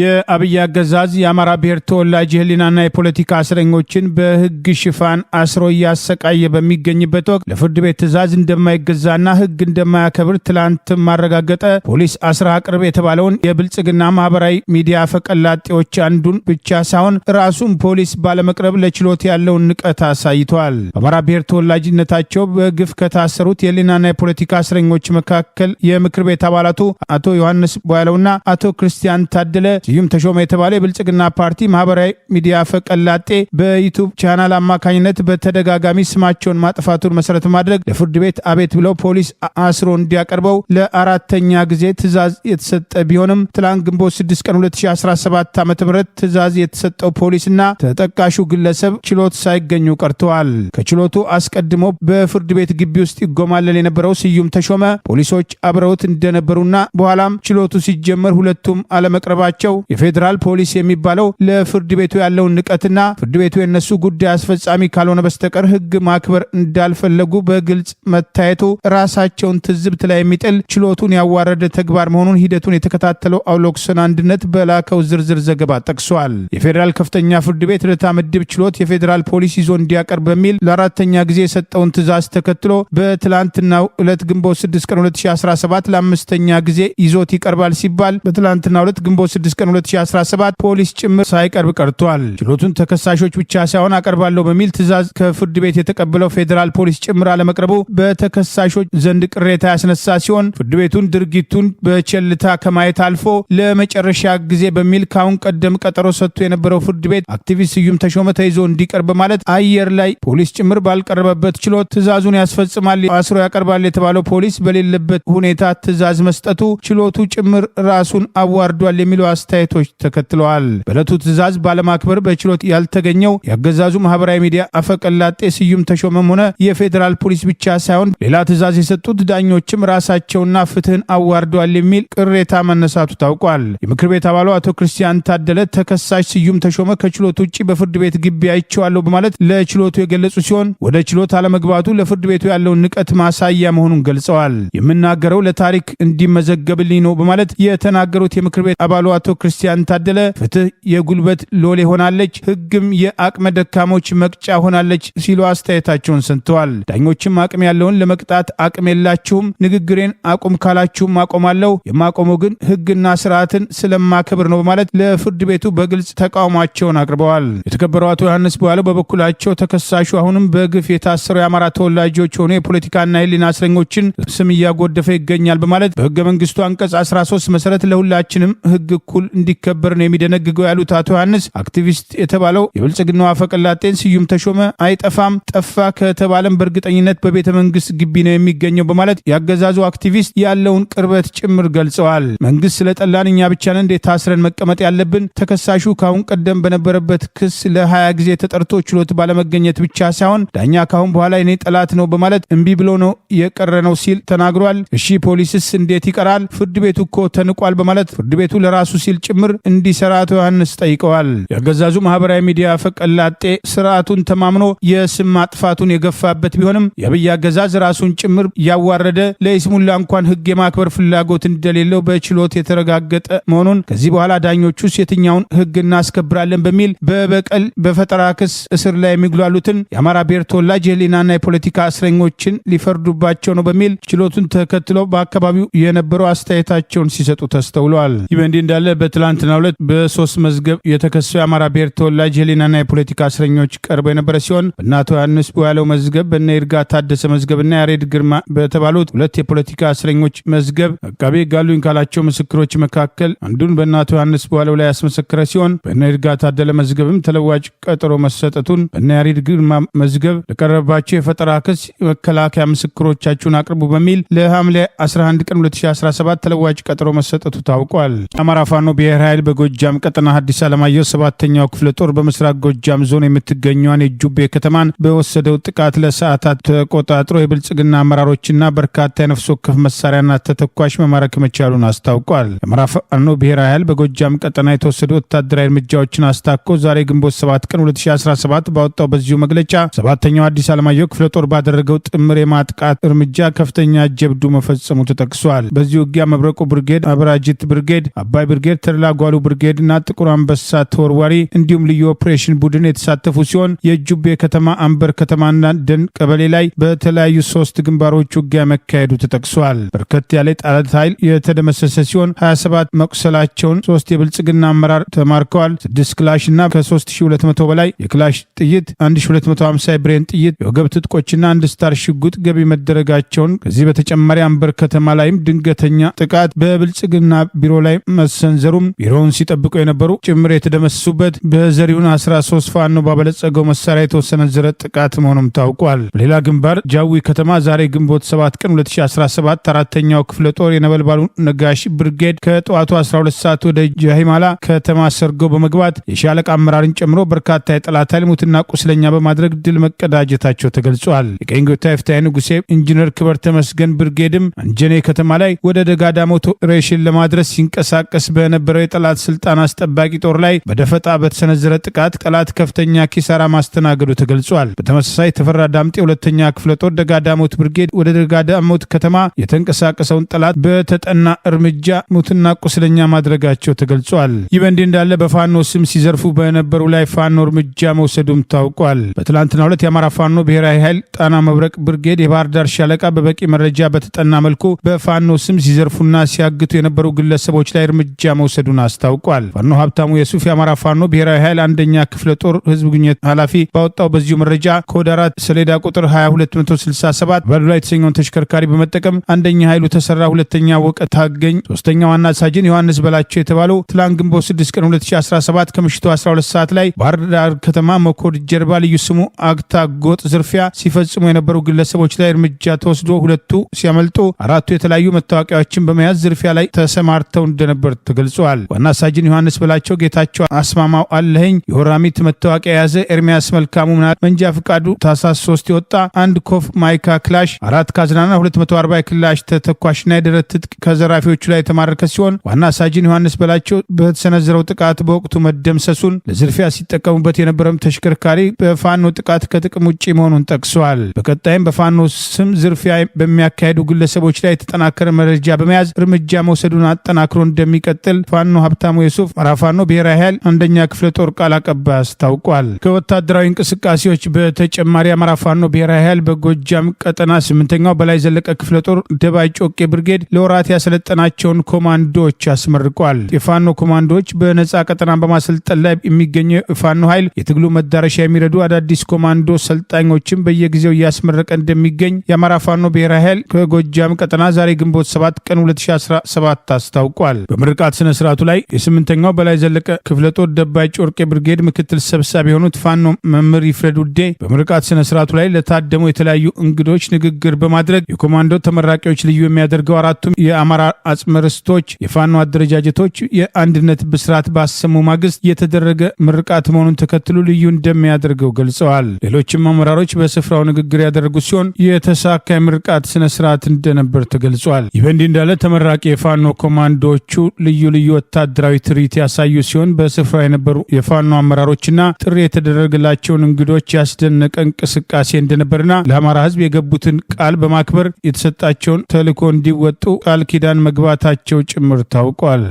የአብይ አገዛዝ የአማራ ብሔር ተወላጅ የህሊናና የፖለቲካ እስረኞችን በህግ ሽፋን አስሮ እያሰቃየ በሚገኝበት ወቅት ለፍርድ ቤት ትዕዛዝ እንደማይገዛና ህግ እንደማያከብር ትላንት ማረጋገጠ። ፖሊስ አስራ አቅርብ የተባለውን የብልጽግና ማህበራዊ ሚዲያ ፈቀላጤዎች አንዱን ብቻ ሳይሆን ራሱን ፖሊስ ባለመቅረብ ለችሎት ያለውን ንቀት አሳይቷል። በአማራ ብሔር ተወላጅነታቸው በግፍ ከታሰሩት የህሊናና የፖለቲካ እስረኞች መካከል የምክር ቤት አባላቱ አቶ ዮሐንስ ቧያለውና አቶ ክርስቲያን ታደለ አስታውቃለች። ስዩም ተሾመ የተባለ የብልጽግና ፓርቲ ማህበራዊ ሚዲያ ፈቀላጤ በዩቱብ ቻናል አማካኝነት በተደጋጋሚ ስማቸውን ማጥፋቱን መሰረት ማድረግ ለፍርድ ቤት አቤት ብለው ፖሊስ አስሮ እንዲያቀርበው ለአራተኛ ጊዜ ትዕዛዝ የተሰጠ ቢሆንም ትላንት ግንቦት 6 ቀን 2017 ዓ ም ትዕዛዝ የተሰጠው ፖሊስና ተጠቃሹ ግለሰብ ችሎት ሳይገኙ ቀርተዋል። ከችሎቱ አስቀድሞ በፍርድ ቤት ግቢ ውስጥ ይጎማለል የነበረው ስዩም ተሾመ ፖሊሶች አብረውት እንደነበሩና በኋላም ችሎቱ ሲጀመር ሁለቱም አለመቅረባቸው ናቸው። የፌዴራል ፖሊስ የሚባለው ለፍርድ ቤቱ ያለውን ንቀትና ፍርድ ቤቱ የነሱ ጉዳይ አስፈጻሚ ካልሆነ በስተቀር ሕግ ማክበር እንዳልፈለጉ በግልጽ መታየቱ ራሳቸውን ትዝብት ላይ የሚጥል ችሎቱን ያዋረደ ተግባር መሆኑን ሂደቱን የተከታተለው አውሎክስን አንድነት በላከው ዝርዝር ዘገባ ጠቅሷል። የፌዴራል ከፍተኛ ፍርድ ቤት ልደታ ምድብ ችሎት የፌዴራል ፖሊስ ይዞ እንዲያቀርብ በሚል ለአራተኛ ጊዜ የሰጠውን ትዕዛዝ ተከትሎ በትላንትናው ዕለት ግንቦት 6 ቀን 2017 ለአምስተኛ ጊዜ ይዞት ይቀርባል ሲባል በትላንትናው ዕለት ግንቦት 6 ቀን 2017 ፖሊስ ጭምር ሳይቀርብ ቀርቷል። ችሎቱን ተከሳሾች ብቻ ሳይሆን አቀርባለሁ በሚል ትዕዛዝ ከፍርድ ቤት የተቀበለው ፌዴራል ፖሊስ ጭምር አለመቅረቡ በተከሳሾች ዘንድ ቅሬታ ያስነሳ ሲሆን ፍርድ ቤቱን ድርጊቱን በቸልታ ከማየት አልፎ ለመጨረሻ ጊዜ በሚል ካሁን ቀደም ቀጠሮ ሰጥቶ የነበረው ፍርድ ቤት አክቲቪስት ስዩም ተሾመ ተይዞ እንዲቀርብ ማለት አየር ላይ ፖሊስ ጭምር ባልቀረበበት ችሎት ትዕዛዙን ያስፈጽማል አስሮ ያቀርባል የተባለው ፖሊስ በሌለበት ሁኔታ ትዕዛዝ መስጠቱ ችሎቱ ጭምር ራሱን አዋርዷል የሚለው አስተ አስተያየቶች ተከትለዋል። በዕለቱ ትዕዛዝ ባለማክበር በችሎት ያልተገኘው የአገዛዙ ማህበራዊ ሚዲያ አፈቀላጤ ስዩም ተሾመም ሆነ የፌዴራል ፖሊስ ብቻ ሳይሆን ሌላ ትዕዛዝ የሰጡት ዳኞችም ራሳቸውና ፍትህን አዋርደዋል የሚል ቅሬታ መነሳቱ ታውቋል። የምክር ቤት አባሉ አቶ ክርስቲያን ታደለ ተከሳሽ ስዩም ተሾመ ከችሎት ውጭ በፍርድ ቤት ግቢ አይቼዋለሁ በማለት ለችሎቱ የገለጹ ሲሆን ወደ ችሎት አለመግባቱ ለፍርድ ቤቱ ያለውን ንቀት ማሳያ መሆኑን ገልጸዋል። የምናገረው ለታሪክ እንዲመዘገብልኝ ነው በማለት የተናገሩት የምክር ቤት አባሉ አቶ ክርስቲያን ታደለ ፍትህ የጉልበት ሎሌ ሆናለች፣ ህግም የአቅመ ደካሞች መቅጫ ሆናለች ሲሉ አስተያየታቸውን ሰንተዋል። ዳኞችም አቅም ያለውን ለመቅጣት አቅም የላችሁም፣ ንግግሬን አቁም ካላችሁም አቆማለሁ፣ የማቆመው ግን ህግና ስርዓትን ስለማከብር ነው በማለት ለፍርድ ቤቱ በግልጽ ተቃውሟቸውን አቅርበዋል። የተከበረው አቶ ዮሐንስ በኋላው በበኩላቸው ተከሳሹ አሁንም በግፍ የታሰሩ የአማራ ተወላጆች ሆኑ የፖለቲካና የህሊና እስረኞችን ስም እያጎደፈ ይገኛል በማለት በህገ መንግስቱ አንቀጽ 13 መሰረት ለሁላችንም ህግ እኩል በኩል እንዲከበር ነው የሚደነግገው ያሉት አቶ ዮሐንስ አክቲቪስት የተባለው የብልጽግናው አፈቀላጤን ስዩም ተሾመ አይጠፋም፣ ጠፋ ከተባለም በእርግጠኝነት በቤተ መንግስት ግቢ ነው የሚገኘው በማለት ያገዛዙ አክቲቪስት ያለውን ቅርበት ጭምር ገልጸዋል። መንግስት ስለጠላን እኛ ብቻ ነን እንዴት ታስረን መቀመጥ ያለብን? ተከሳሹ ከአሁን ቀደም በነበረበት ክስ ለሀያ ጊዜ ተጠርቶ ችሎት ባለመገኘት ብቻ ሳይሆን ዳኛ ካሁን በኋላ የኔ ጠላት ነው በማለት እምቢ ብሎ ነው የቀረ ነው ሲል ተናግሯል። እሺ ፖሊስስ እንዴት ይቀራል? ፍርድ ቤቱ እኮ ተንቋል በማለት ፍርድ ቤቱ ለራሱ ሲል ሲል ጭምር እንዲሰራ አቶ ዮሐንስ ጠይቀዋል። የአገዛዙ ማህበራዊ ሚዲያ ፈቀላጤ ስርዓቱን ተማምኖ የስም ማጥፋቱን የገፋበት ቢሆንም የአብይ አገዛዝ ራሱን ጭምር ያዋረደ ለኢስሙላ እንኳን ህግ የማክበር ፍላጎት እንደሌለው በችሎት የተረጋገጠ መሆኑን ከዚህ በኋላ ዳኞቹ የትኛውን ህግ እናስከብራለን በሚል በበቀል በፈጠራ ክስ እስር ላይ የሚጉላሉትን የአማራ ብሔር ተወላጅ የህሊናና የፖለቲካ እስረኞችን ሊፈርዱባቸው ነው በሚል ችሎቱን ተከትሎ በአካባቢው የነበረው አስተያየታቸውን ሲሰጡ ተስተውለዋል። ይህ በእንዲህ እንዳለ በትላንትና ሁለት በሶስት መዝገብ የተከሰው የአማራ ብሔር ተወላጅ የህሊናና የፖለቲካ እስረኞች ቀርቦ የነበረ ሲሆን በእነ አቶ ዮሐንስ መዝገብ፣ በእነ ይርጋ ታደሰ መዝገብና ያሬድ ግርማ በተባሉት ሁለት የፖለቲካ እስረኞች መዝገብ አቃቤ ጋሉኝ ካላቸው ምስክሮች መካከል አንዱን በእነ አቶ ዮሐንስ ላይ ያስመሰከረ ሲሆን በእነ ይርጋ ታደለ መዝገብም ተለዋጭ ቀጠሮ መሰጠቱን፣ በእነ ያሬድ ግርማ መዝገብ ለቀረበባቸው የፈጠራ ክስ መከላከያ ምስክሮቻችሁን አቅርቡ በሚል ለሐምሌ 11 ቀን 2017 ተለዋጭ ቀጠሮ መሰጠቱ ታውቋል። አማራ ፋኖ ብሔር ኃይል በጎጃም ቀጠና ሐዲስ ዓለማየሁ ሰባተኛው ክፍለ ጦር በምስራቅ ጎጃም ዞን የምትገኘዋን የጁቤ ከተማን በወሰደው ጥቃት ለሰዓታት ተቆጣጥሮ የብልጽግና አመራሮችና በርካታ የነፍስ ወከፍ መሳሪያና ተተኳሽ መማረክ መቻሉን አስታውቋል። የአማራ ፋኖ ብሔራዊ ኃይል በጎጃም ቀጠና የተወሰዱ ወታደራዊ እርምጃዎችን አስታኮ ዛሬ ግንቦት 7 ቀን 2017 ባወጣው በዚሁ መግለጫ ሰባተኛው አዲስ ዓለማየሁ ክፍለ ጦር ባደረገው ጥምር የማጥቃት እርምጃ ከፍተኛ ጀብዱ መፈጸሙ ተጠቅሷል። በዚሁ ውጊያ መብረቁ ብርጌድ፣ አብራጅት ብርጌድ፣ አባይ ብርጌድ ተድላ ላጓሉ ብርጌድ እና ጥቁር አንበሳ ተወርዋሪ እንዲሁም ልዩ ኦፕሬሽን ቡድን የተሳተፉ ሲሆን የጁቤ ከተማ አንበር ከተማና ደን ቀበሌ ላይ በተለያዩ ሶስት ግንባሮች ውጊያ መካሄዱ ተጠቅሷል። በርከት ያለ የጠላት ኃይል የተደመሰሰ ሲሆን 27 መቁሰላቸውን ሶስት የብልጽግና አመራር ተማርከዋል። ስድስት ክላሽ እና ከ3200 በላይ የክላሽ ጥይት፣ 1250 የብሬን ጥይት፣ የወገብ ትጥቆችና አንድ ስታር ሽጉጥ ገቢ መደረጋቸውን ከዚህ በተጨማሪ አንበር ከተማ ላይም ድንገተኛ ጥቃት በብልጽግና ቢሮ ላይ መሰንዘሩ ወታደሩም ቢሮውን ሲጠብቁ የነበሩ ጭምር የተደመሰሱበት በዘሪሁን 13 ፋኖ ባበለጸገው መሳሪያ የተወሰነዘረ ጥቃት መሆኑም ታውቋል። በሌላ ግንባር ጃዊ ከተማ ዛሬ ግንቦት 7 ቀን 2017 አራተኛው ክፍለ ጦር የነበልባሉ ነጋሽ ብርጌድ ከጠዋቱ 12 ሰዓት ወደ ጃሂማላ ከተማ ሰርጎ በመግባት የሻለቃ አመራርን ጨምሮ በርካታ የጠላት ኃይል ሙትና ቁስለኛ በማድረግ ድል መቀዳጀታቸው ተገልጿል። የቀኝ ጌታ ንጉሴ ኢንጂነር ክበር ተመስገን ብርጌድም አንጀኔ ከተማ ላይ ወደ ደጋ ሬሽን ለማድረስ ሲንቀሳቀስ በነበ በነበረው የጠላት ስልጣን አስጠባቂ ጦር ላይ በደፈጣ በተሰነዘረ ጥቃት ጠላት ከፍተኛ ኪሳራ ማስተናገዱ ተገልጿል። በተመሳሳይ ተፈራ ዳምጤ ሁለተኛ ክፍለ ጦር ደጋዳሞት ብርጌድ ወደ ደጋዳሞት ከተማ የተንቀሳቀሰውን ጠላት በተጠና እርምጃ ሙትና ቁስለኛ ማድረጋቸው ተገልጿል። ይህ በእንዲህ እንዳለ በፋኖ ስም ሲዘርፉ በነበሩ ላይ ፋኖ እርምጃ መውሰዱም ታውቋል። በትላንትና ሁለት የአማራ ፋኖ ብሔራዊ ኃይል ጣና መብረቅ ብርጌድ የባህር ዳር ሻለቃ በበቂ መረጃ በተጠና መልኩ በፋኖ ስም ሲዘርፉና ሲያግቱ የነበሩ ግለሰቦች ላይ እርምጃ መውሰ መውሰዱን አስታውቋል። ፋኖ ሀብታሙ የሱፍ የአማራ ፋኖ ብሔራዊ ኃይል አንደኛ ክፍለ ጦር ህዝብ ግንኙነት ኃላፊ ባወጣው በዚሁ መረጃ ኮድ አራት ሰሌዳ ቁጥር 2267 ባሉላ የተሰኘውን ተሽከርካሪ በመጠቀም አንደኛ ኃይሉ ተሰራ፣ ሁለተኛ ወቀ ታገኝ፣ ሶስተኛ ዋና ሳጅን ዮሐንስ በላቸው የተባለው ትላንት ግንቦት 6 ቀን 2017 ከምሽቱ 12 ሰዓት ላይ ባህር ዳር ከተማ መኮድ ጀርባ ልዩ ስሙ አግታ ጎጥ ዝርፊያ ሲፈጽሙ የነበሩ ግለሰቦች ላይ እርምጃ ተወስዶ ሁለቱ ሲያመልጡ አራቱ የተለያዩ መታወቂያዎችን በመያዝ ዝርፊያ ላይ ተሰማርተው እንደነበር ተገልጿል። ገልጿል። ዋና ሳጅን ዮሐንስ በላቸው ጌታቸው አስማማው አለኝ የሆራሚት መታወቂያ የያዘ ኤርሚያስ መልካሙ መንጃ ፍቃዱ ታሳስ 3 የወጣ አንድ ኮፍ ማይካ ክላሽ አራት ካዝናና 240 ክላሽ ተተኳሽና የደረት ትጥቅ ከዘራፊዎቹ ላይ የተማረከ ሲሆን ዋና ሳጅን ዮሐንስ በላቸው በተሰነዘረው ጥቃት በወቅቱ መደምሰሱን ለዝርፊያ ሲጠቀሙበት የነበረም ተሽከርካሪ በፋኖ ጥቃት ከጥቅም ውጭ መሆኑን ጠቅሰዋል። በቀጣይም በፋኖ ስም ዝርፊያ በሚያካሄዱ ግለሰቦች ላይ የተጠናከረ መረጃ በመያዝ እርምጃ መውሰዱን አጠናክሮ እንደሚቀጥል ፋኖ ሀብታሙ የሱፍ ራፋኖ ብሔራዊ ኃይል አንደኛ ክፍለ ጦር ቃል አቀባይ አስታውቋል። ከወታደራዊ እንቅስቃሴዎች በተጨማሪ አማራ ፋኖ ብሔራዊ ኃይል በጎጃም ቀጠና ስምንተኛው በላይ ዘለቀ ክፍለ ጦር ደባይ ጮቄ ብርጌድ ለወራት ያሰለጠናቸውን ኮማንዶዎች አስመርቋል። የፋኖ ኮማንዶዎች በነጻ ቀጠና በማሰልጠን ላይ የሚገኘው የፋኖ ኃይል የትግሉ መዳረሻ የሚረዱ አዳዲስ ኮማንዶ ሰልጣኞችን በየጊዜው እያስመረቀ እንደሚገኝ የአማራ ፋኖ ብሔራዊ ኃይል ከጎጃም ቀጠና ዛሬ ግንቦት 7 ቀን 2017 አስታውቋል። በምርቃት ስነ ስርዓቱ ላይ የስምንተኛው በላይ ዘለቀ ክፍለ ጦር ደባይ ጮርቄ ብርጌድ ምክትል ሰብሳቢ የሆኑት ፋኖ መምህር ይፍረድ ውዴ በምርቃት ስነ ስርዓቱ ላይ ለታደሙ የተለያዩ እንግዶች ንግግር በማድረግ የኮማንዶ ተመራቂዎች ልዩ የሚያደርገው አራቱም የአማራ አጽመርስቶች የፋኖ አደረጃጀቶች የአንድነት ብስራት ባሰሙ ማግስት የተደረገ ምርቃት መሆኑን ተከትሎ ልዩ እንደሚያደርገው ገልጸዋል። ሌሎችም አመራሮች በስፍራው ንግግር ያደረጉ ሲሆን የተሳካ ምርቃት ስነ ስርዓት እንደነበር ተገልጿል። ይህ በእንዲህ እንዳለ ተመራቂ የፋኖ ኮማንዶዎቹ ልዩ ልዩ ልዩ ወታደራዊ ትርኢት ያሳዩ ሲሆን በስፍራ የነበሩ የፋኖ አመራሮችና ጥሪ የተደረገላቸውን እንግዶች ያስደነቀ እንቅስቃሴ እንደነበርና ለአማራ ህዝብ የገቡትን ቃል በማክበር የተሰጣቸውን ተልዕኮ እንዲወጡ ቃል ኪዳን መግባታቸው ጭምር ታውቋል።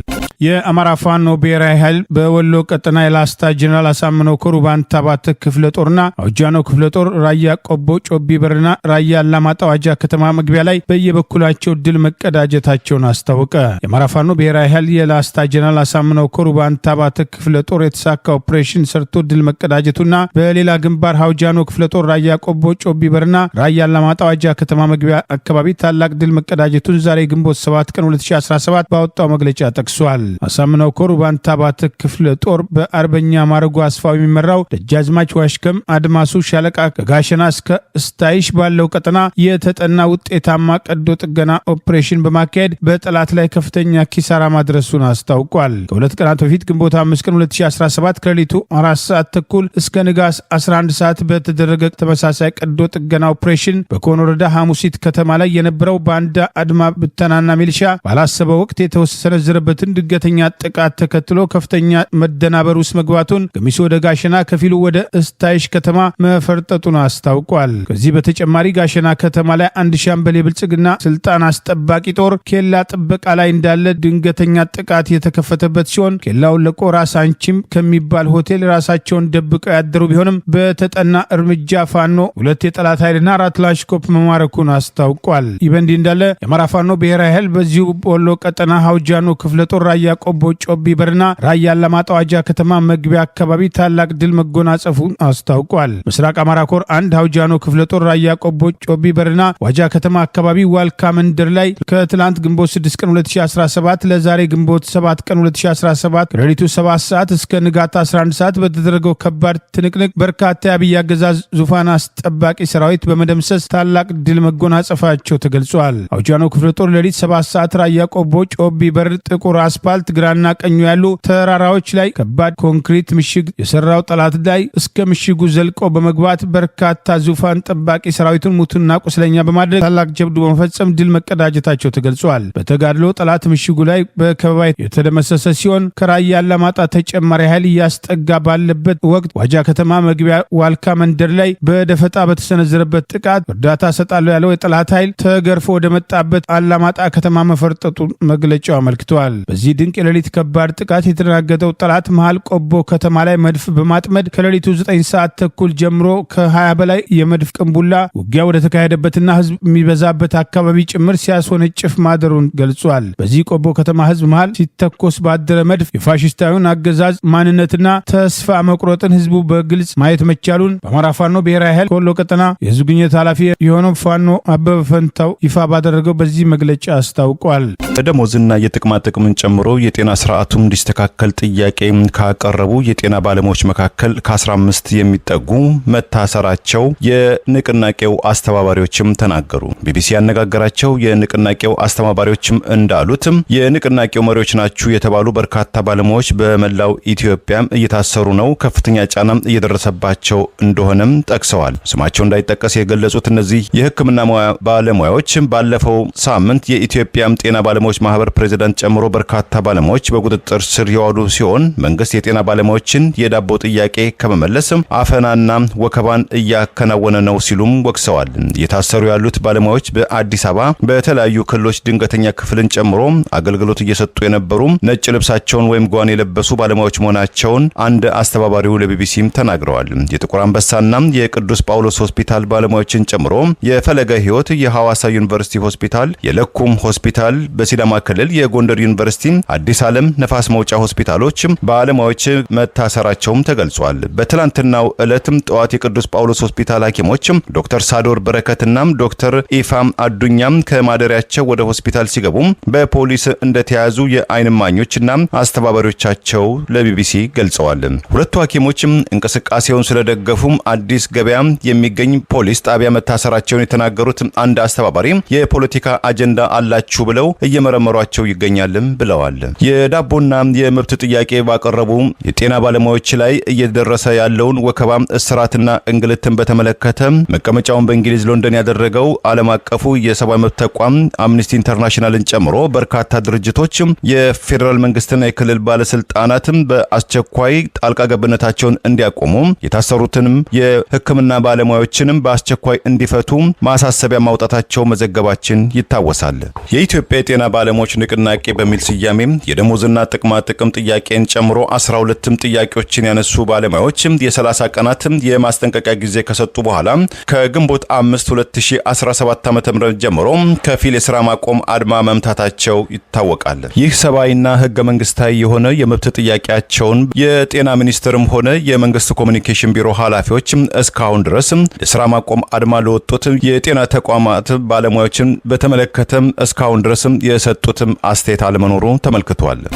የአማራ ፋኖ ብሔራዊ ኃይል በወሎ ቀጠና የላስታ ጀኔራል አሳምነው ኮሩባን ታባተ ክፍለ ጦርና አውጃኖ ክፍለ ጦር ራያ ቆቦ ጮቢ በርና ራያ አላማጣ ዋጃ ከተማ መግቢያ ላይ በየበኩላቸው ድል መቀዳጀታቸውን አስታወቀ። የአማራ ፋኖ ብሔራዊ ኃይል የላስታ ጀኔራል አሳምነው ኮሩባን ታባተ ክፍለ ጦር የተሳካ ኦፕሬሽን ሰርቶ ድል መቀዳጀቱና በሌላ ግንባር አውጃኖ ክፍለ ጦር ራያ ቆቦ ጮቢ በርና ራያ አላማጣ ዋጃ ከተማ መግቢያ አካባቢ ታላቅ ድል መቀዳጀቱን ዛሬ ግንቦት 7 ቀን 2017 ባወጣው መግለጫ ጠቅሷል። አሳምነው ኮሩባን ታባተ ክፍለ ጦር በአርበኛ ማረጉ አስፋው የሚመራው ደጃዝማች ዋሽከም አድማሱ ሻለቃ ከጋሸና እስከ እስታይሽ ባለው ቀጠና የተጠና ውጤታማ ቀዶ ጥገና ኦፕሬሽን በማካሄድ በጠላት ላይ ከፍተኛ ኪሳራ ማድረሱን አስታውቋል። ከሁለት ቀናት በፊት ግንቦት 5 ቀን 2017 ከሌሊቱ አራት ሰዓት ተኩል እስከ ንጋስ 11 ሰዓት በተደረገ ተመሳሳይ ቀዶ ጥገና ኦፕሬሽን በኮን ወረዳ ሐሙሲት ከተማ ላይ የነበረው ባንዳ አድማ ብተናና ሚሊሻ ባላሰበው ወቅት የተሰነዘረበትን ድገት ድንገተኛ ጥቃት ተከትሎ ከፍተኛ መደናበር ውስጥ መግባቱን፣ ገሚሱ ወደ ጋሸና፣ ከፊሉ ወደ እስታይሽ ከተማ መፈርጠጡን አስታውቋል። ከዚህ በተጨማሪ ጋሸና ከተማ ላይ አንድ ሻምበል የብልጽግና ስልጣን አስጠባቂ ጦር ኬላ ጥበቃ ላይ እንዳለ ድንገተኛ ጥቃት የተከፈተበት ሲሆን ኬላውን ለቆ ራስ አንቺም ከሚባል ሆቴል ራሳቸውን ደብቀው ያደሩ ቢሆንም በተጠና እርምጃ ፋኖ ሁለት የጠላት ኃይልና አራት ላሽኮፕ መማረኩን አስታውቋል። ይህ በእንዲህ እንዳለ የአማራ ፋኖ ብሔራዊ ኃይል በዚሁ ወሎ ቀጠና ሀውጃኖ ክፍለ ጦር ራያ ቆቦ ጮቢ በርና ራያ አላማጣ ዋጃ ከተማ መግቢያ አካባቢ ታላቅ ድል መጎናጸፉን አስታውቋል። ምስራቅ አማራ ኮር አንድ አውጃኖ ክፍለ ጦር ራያ ቆቦ ጮቢ በርና ዋጃ ከተማ አካባቢ ዋልካ መንደር ላይ ከትላንት ግንቦት 6 ቀን 2017 ለዛሬ ግንቦት 7 ቀን 2017 ከሌሊቱ 7 ሰዓት እስከ ንጋት 11 ሰዓት በተደረገው ከባድ ትንቅንቅ በርካታ የአብይ አገዛዝ ዙፋን አስጠባቂ ሰራዊት በመደምሰስ ታላቅ ድል መጎናጸፋቸው ተገልጿል። አውጃኖ ክፍለ ጦር ሌሊት 7 ሰዓት ራያ ቆቦ ጮቢ በር ጥቁር አስፓ አስፋልት ግራና ቀኙ ያሉ ተራራዎች ላይ ከባድ ኮንክሪት ምሽግ የሰራው ጠላት ላይ እስከ ምሽጉ ዘልቆ በመግባት በርካታ ዙፋን ጠባቂ ሰራዊቱን ሙትና ቁስለኛ በማድረግ ታላቅ ጀብዱ በመፈጸም ድል መቀዳጀታቸው ተገልጿል። በተጋድሎ ጠላት ምሽጉ ላይ በከበባ የተደመሰሰ ሲሆን ከራያ አላማጣ ተጨማሪ ኃይል እያስጠጋ ባለበት ወቅት ዋጃ ከተማ መግቢያ ዋልካ መንደር ላይ በደፈጣ በተሰነዘረበት ጥቃት እርዳታ ሰጣለሁ ያለው የጠላት ኃይል ተገርፎ ወደ መጣበት አላማጣ ከተማ መፈርጠጡ መግለጫው አመልክተዋል። በዚህ ድንቅ የሌሊት ከባድ ጥቃት የተደናገጠው ጠላት መሀል ቆቦ ከተማ ላይ መድፍ በማጥመድ ከሌሊቱ 9 ሰዓት ተኩል ጀምሮ ከ20 በላይ የመድፍ ቅንቡላ ውጊያ ወደ ተካሄደበትና ህዝብ የሚበዛበት አካባቢ ጭምር ሲያስወነጭፍ ማደሩን ገልጿል። በዚህ ቆቦ ከተማ ህዝብ መሃል ሲተኮስ ባደረ መድፍ የፋሽስታዊውን አገዛዝ ማንነትና ተስፋ መቁረጥን ህዝቡ በግልጽ ማየት መቻሉን በአማራ ፋኖ ብሔራዊ ኃይል ኮሎ ቀጠና የህዝብ ግንኙነት ኃላፊ የሆነው ፋኖ አበበ ፈንታው ይፋ ባደረገው በዚህ መግለጫ አስታውቋል። ደሞዝና የጥቅማ ጥቅምን ጨምሮ የጤና ስርዓቱ እንዲስተካከል ጥያቄ ካቀረቡ የጤና ባለሙያዎች መካከል ከ15 የሚጠጉ መታሰራቸው የንቅናቄው አስተባባሪዎችም ተናገሩ። ቢቢሲ ያነጋገራቸው የንቅናቄው አስተባባሪዎችም እንዳሉትም የንቅናቄው መሪዎች ናችሁ የተባሉ በርካታ ባለሙያዎች በመላው ኢትዮጵያም እየታሰሩ ነው፣ ከፍተኛ ጫናም እየደረሰባቸው እንደሆነም ጠቅሰዋል። ስማቸው እንዳይጠቀስ የገለጹት እነዚህ የህክምና ባለሙያዎች ባለፈው ሳምንት የኢትዮጵያም ጤና ባለሙያዎች ማህበር ፕሬዚዳንት ጨምሮ በርካታ ባለሙያዎች በቁጥጥር ስር የዋሉ ሲሆን መንግስት የጤና ባለሙያዎችን የዳቦ ጥያቄ ከመመለስም አፈናና ወከባን እያከናወነ ነው ሲሉም ወቅሰዋል። የታሰሩ ያሉት ባለሙያዎች በአዲስ አበባ በተለያዩ ክልሎች ድንገተኛ ክፍልን ጨምሮ አገልግሎት እየሰጡ የነበሩ ነጭ ልብሳቸውን ወይም ጓን የለበሱ ባለሙያዎች መሆናቸውን አንድ አስተባባሪው ለቢቢሲም ተናግረዋል። የጥቁር አንበሳና የቅዱስ ጳውሎስ ሆስፒታል ባለሙያዎችን ጨምሮ የፈለገ ሕይወት፣ የሐዋሳ ዩኒቨርሲቲ ሆስፒታል፣ የለኩም ሆስፒታል፣ በሲዳማ ክልል የጎንደር ዩኒቨርሲቲ አዲስ ዓለም ነፋስ መውጫ ሆስፒታሎችም በባለሙያዎች መታሰራቸውም ተገልጿል። በትላንትናው ዕለትም ጠዋት የቅዱስ ጳውሎስ ሆስፒታል ሐኪሞችም ዶክተር ሳዶር በረከትናም ዶክተር ኢፋም አዱኛም ከማደሪያቸው ወደ ሆስፒታል ሲገቡም በፖሊስ እንደተያዙ የአይን እማኞችና አስተባባሪዎቻቸው ለቢቢሲ ገልጸዋል። ሁለቱ ሐኪሞችም እንቅስቃሴውን ስለደገፉም አዲስ ገበያ የሚገኝ ፖሊስ ጣቢያ መታሰራቸውን የተናገሩት አንድ አስተባባሪ የፖለቲካ አጀንዳ አላችሁ ብለው እየመረመሯቸው ይገኛልም ብለዋል። የዳቦና የመብት ጥያቄ ባቀረቡ የጤና ባለሙያዎች ላይ እየደረሰ ያለውን ወከባ፣ እስራትና እንግልትን በተመለከተ መቀመጫውን በእንግሊዝ ሎንደን ያደረገው ዓለም አቀፉ የሰብአዊ መብት ተቋም አምኒስቲ ኢንተርናሽናልን ጨምሮ በርካታ ድርጅቶች የፌዴራል መንግስትና የክልል ባለስልጣናት በአስቸኳይ ጣልቃ ገብነታቸውን እንዲያቆሙ የታሰሩትንም የሕክምና ባለሙያዎችንም በአስቸኳይ እንዲፈቱ ማሳሰቢያ ማውጣታቸው መዘገባችን ይታወሳል። የኢትዮጵያ የጤና ባለሙያዎች ንቅናቄ በሚል ስያሜ የደሞዝና ጥቅማ ጥቅም ጥያቄን ጨምሮ 12ም ጥያቄዎችን ያነሱ ባለሙያዎች የ30 ቀናት የማስጠንቀቂያ ጊዜ ከሰጡ በኋላ ከግንቦት 5 2017 ዓ.ም ጀምሮ ከፊል የስራ ማቆም አድማ መምታታቸው ይታወቃል። ይህ ሰብአዊና ህገ መንግስታዊ የሆነ የመብት ጥያቄያቸውን የጤና ሚኒስትርም ሆነ የመንግስት ኮሚኒኬሽን ቢሮ ኃላፊዎች እስካሁን ድረስ የስራ ማቆም አድማ ለወጡት የጤና ተቋማት ባለሙያዎችን በተመለከተ እስካሁን ድረስ የሰጡትም አስተያየት አለመኖሩ ተመልክተዋል።